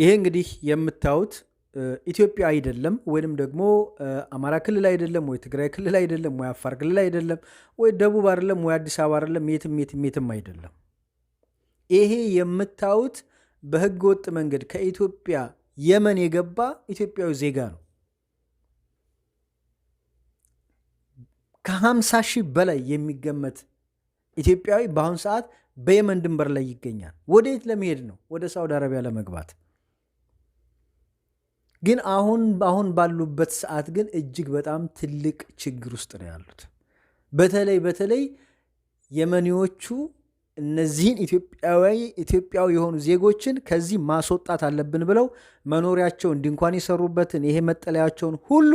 ይሄ እንግዲህ የምታዩት ኢትዮጵያ አይደለም ወይም ደግሞ አማራ ክልል አይደለም ወይ ትግራይ ክልል አይደለም ወይ አፋር ክልል አይደለም ወይ ደቡብ አይደለም ወይ አዲስ አበባ አይደለም፣ የትም የትም የትም አይደለም። ይሄ የምታዩት በህገ ወጥ መንገድ ከኢትዮጵያ የመን የገባ ኢትዮጵያዊ ዜጋ ነው። ከሀምሳ ሺህ በላይ የሚገመት ኢትዮጵያዊ በአሁኑ ሰዓት በየመን ድንበር ላይ ይገኛል። ወዴት ለመሄድ ነው? ወደ ሳውዲ አረቢያ ለመግባት ግን አሁን አሁን ባሉበት ሰዓት ግን እጅግ በጣም ትልቅ ችግር ውስጥ ነው ያሉት። በተለይ በተለይ የመኒዎቹ እነዚህን ኢትዮጵያዊ ኢትዮጵያዊ የሆኑ ዜጎችን ከዚህ ማስወጣት አለብን ብለው መኖሪያቸውን ድንኳን የሰሩበትን ይሄ መጠለያቸውን ሁሉ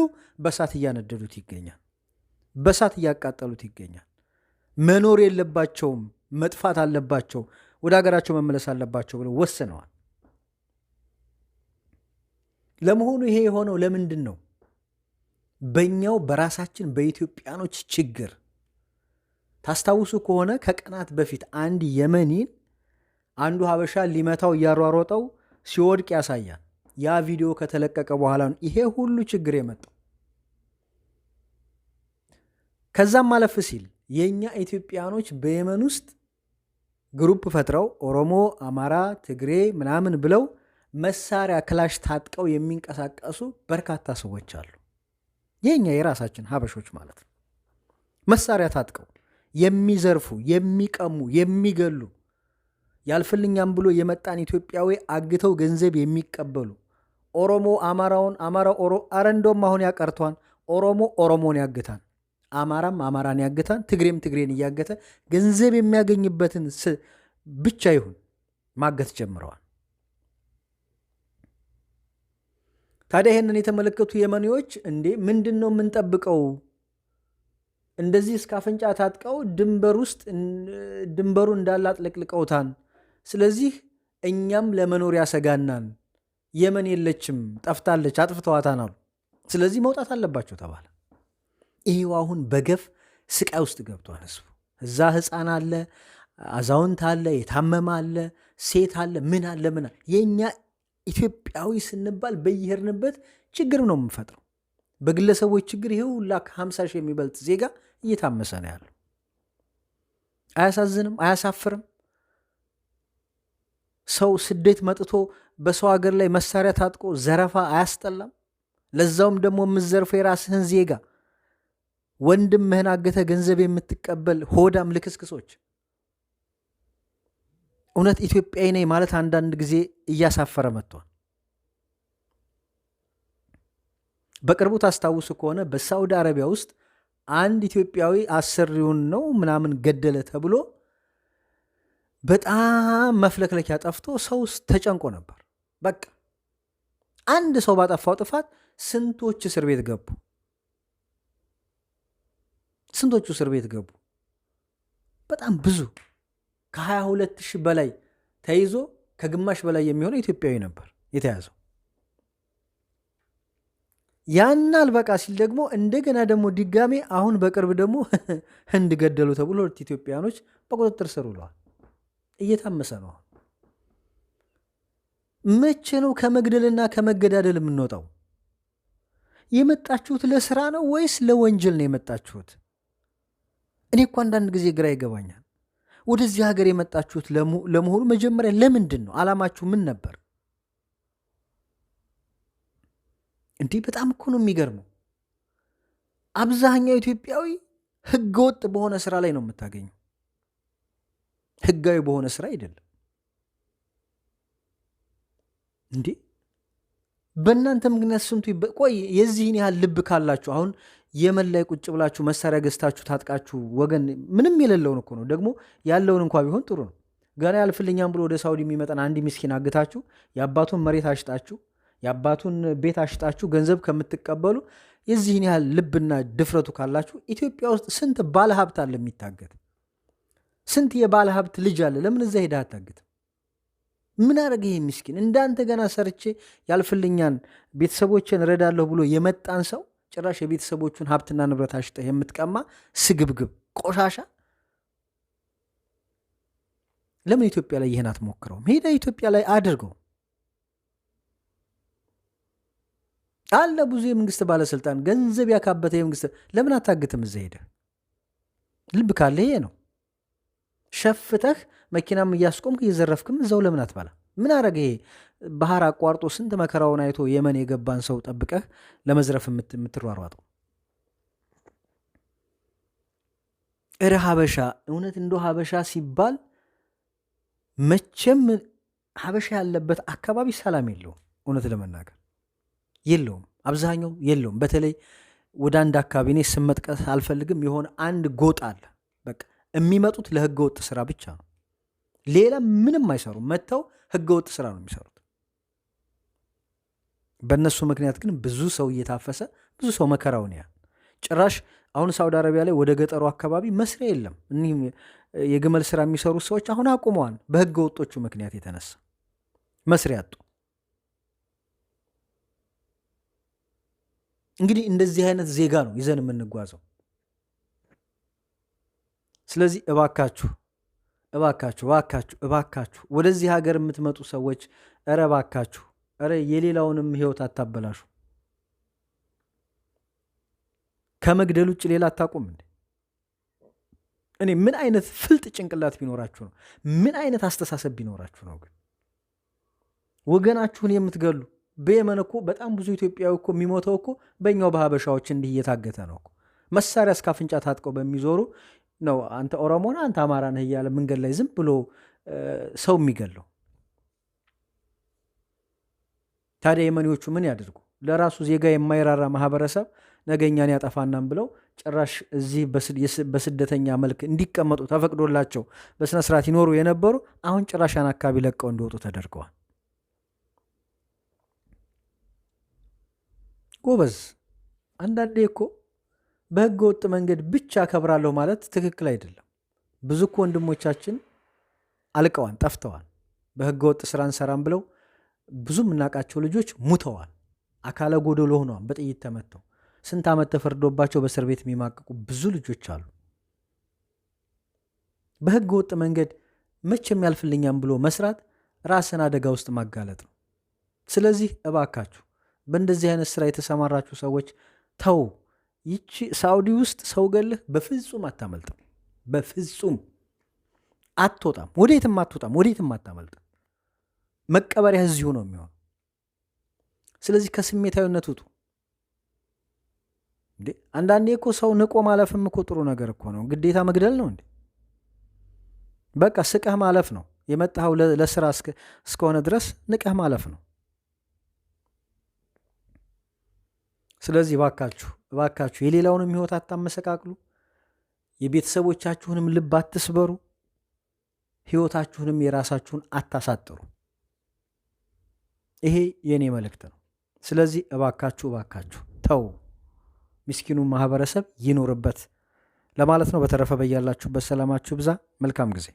በሳት እያነደዱት ይገኛል። በሳት እያቃጠሉት ይገኛል። መኖር የለባቸውም መጥፋት አለባቸው፣ ወደ ሀገራቸው መመለስ አለባቸው ብለው ወስነዋል። ለመሆኑ ይሄ የሆነው ለምንድን ነው? በእኛው በራሳችን በኢትዮጵያኖች ችግር። ታስታውሱ ከሆነ ከቀናት በፊት አንድ የመኒን አንዱ ሀበሻ ሊመታው እያሯሮጠው ሲወድቅ ያሳያል። ያ ቪዲዮ ከተለቀቀ በኋላ ነው ይሄ ሁሉ ችግር የመጣው። ከዛም ማለፍ ሲል የእኛ ኢትዮጵያኖች በየመን ውስጥ ግሩፕ ፈጥረው ኦሮሞ፣ አማራ፣ ትግሬ ምናምን ብለው መሳሪያ ክላሽ ታጥቀው የሚንቀሳቀሱ በርካታ ሰዎች አሉ። የኛ የራሳችን ሀበሾች ማለት ነው። መሳሪያ ታጥቀው የሚዘርፉ፣ የሚቀሙ፣ የሚገሉ ያልፍልኛም ብሎ የመጣን ኢትዮጵያዊ አግተው ገንዘብ የሚቀበሉ ኦሮሞ አማራውን አማራ ኦሮ አረንዶም አሁን ያቀርቷን ኦሮሞ ኦሮሞን ያግታን፣ አማራም አማራን ያግታን፣ ትግሬም ትግሬን እያገተ ገንዘብ የሚያገኝበትን ብቻ ይሁን ማገት ጀምረዋል። ታዲያ ይህንን የተመለከቱ የመኔዎች እንዴ ምንድን ነው የምንጠብቀው? እንደዚህ እስከ አፍንጫ ታጥቀው ድንበር ውስጥ ድንበሩ እንዳለ አጥለቅልቀውታን። ስለዚህ እኛም ለመኖር ያሰጋናን። የመን የለችም፣ ጠፍታለች፣ አጥፍተዋታን አሉ። ስለዚህ መውጣት አለባቸው ተባለ። ይህው አሁን በገፍ ስቃይ ውስጥ ገብቷል ህዝቡ። እዛ ህፃን አለ፣ አዛውንት አለ፣ የታመመ አለ፣ ሴት አለ፣ ምን አለ ምን የእኛ ኢትዮጵያዊ ስንባል በየሄድንበት ችግር ነው የምንፈጥረው። በግለሰቦች ችግር ይሄ ሁላ ከሀምሳ ሺህ የሚበልጥ ዜጋ እየታመሰ ነው ያለው። አያሳዝንም? አያሳፍርም? ሰው ስደት መጥቶ በሰው ሀገር ላይ መሳሪያ ታጥቆ ዘረፋ አያስጠላም? ለዛውም ደግሞ የምዘርፈው የራስህን ዜጋ ወንድምህን አገተ ገንዘብ የምትቀበል ሆዳም ልክስክሶች እውነት ኢትዮጵያዊ ነኝ ማለት አንዳንድ ጊዜ እያሳፈረ መጥቷል። በቅርቡ ታስታውሱ ከሆነ በሳዑዲ አረቢያ ውስጥ አንድ ኢትዮጵያዊ አሰሪውን ነው ምናምን ገደለ ተብሎ በጣም መፍለክለኪያ ጠፍቶ ሰው ተጨንቆ ነበር። በቃ አንድ ሰው ባጠፋው ጥፋት ስንቶች እስር ቤት ገቡ፣ ስንቶቹ እስር ቤት ገቡ። በጣም ብዙ ከ22 ሺህ በላይ ተይዞ ከግማሽ በላይ የሚሆነው ኢትዮጵያዊ ነበር የተያዘው። ያን አልበቃ ሲል ደግሞ እንደገና ደግሞ ድጋሜ አሁን በቅርብ ደግሞ ህንድ ገደሉ ተብሎ ሁለት ኢትዮጵያኖች በቁጥጥር ስር ውለዋል። እየታመሰ ነው። መቼ ነው ከመግደልና ከመገዳደል የምንወጣው? የመጣችሁት ለስራ ነው ወይስ ለወንጀል ነው የመጣችሁት? እኔ እኮ አንዳንድ ጊዜ ግራ ይገባኛል። ወደዚህ ሀገር የመጣችሁት ለመሆኑ መጀመሪያ ለምንድን ነው? አላማችሁ ምን ነበር? እንዲህ በጣም እኮ ነው የሚገርመው። አብዛኛው ኢትዮጵያዊ ህገወጥ በሆነ ስራ ላይ ነው የምታገኘው፣ ህጋዊ በሆነ ስራ አይደለም። እንዴ በእናንተ ምክንያት ስንቱ ቆይ፣ የዚህን ያህል ልብ ካላችሁ አሁን የመን ላይ ቁጭ ብላችሁ መሳሪያ ገዝታችሁ ታጥቃችሁ ወገን ምንም የሌለውን እኮ ነው። ደግሞ ያለውን እንኳ ቢሆን ጥሩ ነው። ገና ያልፍልኛም ብሎ ወደ ሳውዲ የሚመጣን አንድ ምስኪን አግታችሁ የአባቱን መሬት አሽጣችሁ የአባቱን ቤት አሽጣችሁ ገንዘብ ከምትቀበሉ የዚህን ያህል ልብና ድፍረቱ ካላችሁ ኢትዮጵያ ውስጥ ስንት ባለ ሀብት አለ የሚታገት? ስንት የባለ ሀብት ልጅ አለ? ለምን እዛ ሄደህ አታግትም? ምን አረገ ይሄ ምስኪን? እንዳንተ ገና ሰርቼ ያልፍልኛን ቤተሰቦችን እረዳለሁ ብሎ የመጣን ሰው ጭራሽ የቤተሰቦቹን ሀብትና ንብረት አሽጠህ የምትቀማ ስግብግብ ቆሻሻ። ለምን ኢትዮጵያ ላይ ይህን አትሞክረውም? ሄደ ኢትዮጵያ ላይ አድርገው አለ። ብዙ የመንግስት ባለስልጣን ገንዘብ ያካበተ የመንግስት ለምን አታግትም? እዛ ሄደ ልብ ካለ ይሄ ነው። ሸፍተህ መኪናም እያስቆምክ እየዘረፍክም እዛው ለምን አትበላ? ምን አረገ ይሄ? ባህር አቋርጦ ስንት መከራውን አይቶ የመን የገባን ሰው ጠብቀህ ለመዝረፍ የምትሯሯጠው? እረ ሀበሻ እውነት እንደ ሀበሻ ሲባል መቼም ሀበሻ ያለበት አካባቢ ሰላም የለውም። እውነት ለመናገር የለውም፣ አብዛኛው የለውም። በተለይ ወደ አንድ አካባቢ እኔ ስም መጥቀስ አልፈልግም። የሆነ አንድ ጎጥ አለ፣ በቃ የሚመጡት ለህገወጥ ስራ ብቻ ነው። ሌላ ምንም አይሰሩም። መጥተው ህገወጥ ስራ ነው የሚሰሩት። በእነሱ ምክንያት ግን ብዙ ሰው እየታፈሰ ብዙ ሰው መከራውን ያህል ጭራሽ አሁን ሳውዲ አረቢያ ላይ ወደ ገጠሩ አካባቢ መስሪያ የለም። እኒህም የግመል ስራ የሚሰሩ ሰዎች አሁን አቁመዋል። በህገ ወጦቹ ምክንያት የተነሳ መስሪያ አጡ። እንግዲህ እንደዚህ አይነት ዜጋ ነው ይዘን የምንጓዘው። ስለዚህ እባካችሁ እባካችሁ እባካችሁ እባካችሁ ወደዚህ ሀገር የምትመጡ ሰዎች እረ እባካችሁ እረ የሌላውንም ህይወት አታበላሹ። ከመግደል ውጭ ሌላ አታቁም እንዴ? እኔ ምን አይነት ፍልጥ ጭንቅላት ቢኖራችሁ ነው? ምን አይነት አስተሳሰብ ቢኖራችሁ ነው ግን ወገናችሁን የምትገሉ? በየመን እኮ በጣም ብዙ ኢትዮጵያዊ እኮ የሚሞተው እኮ በእኛው በሀበሻዎች እንዲህ እየታገተ ነው እኮ መሳሪያ እስከ አፍንጫ ታጥቀው በሚዞሩ ነው። አንተ ኦሮሞና አንተ አማራ ነህ እያለ መንገድ ላይ ዝም ብሎ ሰው የሚገለው ታዲያ የመኔዎቹ ምን ያደርጉ? ለራሱ ዜጋ የማይራራ ማህበረሰብ ነገኛን ያጠፋናም ብለው ጭራሽ እዚህ በስደተኛ መልክ እንዲቀመጡ ተፈቅዶላቸው በስነ ስርዓት ይኖሩ የነበሩ አሁን ጭራሽ ያን አካባቢ ለቀው እንዲወጡ ተደርገዋል። ጎበዝ፣ አንዳንዴ እኮ በህገ ወጥ መንገድ ብቻ አከብራለሁ ማለት ትክክል አይደለም። ብዙ እኮ ወንድሞቻችን አልቀዋል፣ ጠፍተዋል። በህገ ወጥ ስራ እንሰራም ብለው ብዙ የምናውቃቸው ልጆች ሙተዋል፣ አካለ ጎደሎ ሆነዋል፣ በጥይት ተመተው ስንት ዓመት ተፈርዶባቸው በእስር ቤት የሚማቀቁ ብዙ ልጆች አሉ። በህገ ወጥ መንገድ መቼም ያልፍልኛም ብሎ መስራት ራስን አደጋ ውስጥ ማጋለጥ ነው። ስለዚህ እባካችሁ በእንደዚህ አይነት ስራ የተሰማራችሁ ሰዎች ተው። ይቺ ሳውዲ ውስጥ ሰው ገልህ በፍጹም አታመልጥም፣ በፍጹም አትወጣም፣ ወዴትም አትወጣም፣ ወዴትም አታመልጥም። መቀበሪያ እዚሁ ነው የሚሆኑ። ስለዚህ ከስሜታዊነት ውጡ። እንዴ አንዳንዴ እኮ ሰው ንቆ ማለፍም እኮ ጥሩ ነገር እኮ ነው። ግዴታ መግደል ነው እንዴ? በቃ ስቀህ ማለፍ ነው። የመጣኸው ለስራ እስከሆነ ድረስ ንቀህ ማለፍ ነው። ስለዚህ እባካችሁ እባካችሁ የሌላውንም ሕይወት አታመሰቃቅሉ። የቤተሰቦቻችሁንም ልብ አትስበሩ። ሕይወታችሁንም የራሳችሁን አታሳጥሩ። ይሄ የእኔ መልእክት ነው። ስለዚህ እባካችሁ እባካችሁ ተው፣ ምስኪኑ ማህበረሰብ ይኖርበት ለማለት ነው። በተረፈ በያላችሁበት ሰላማችሁ ብዛ። መልካም ጊዜ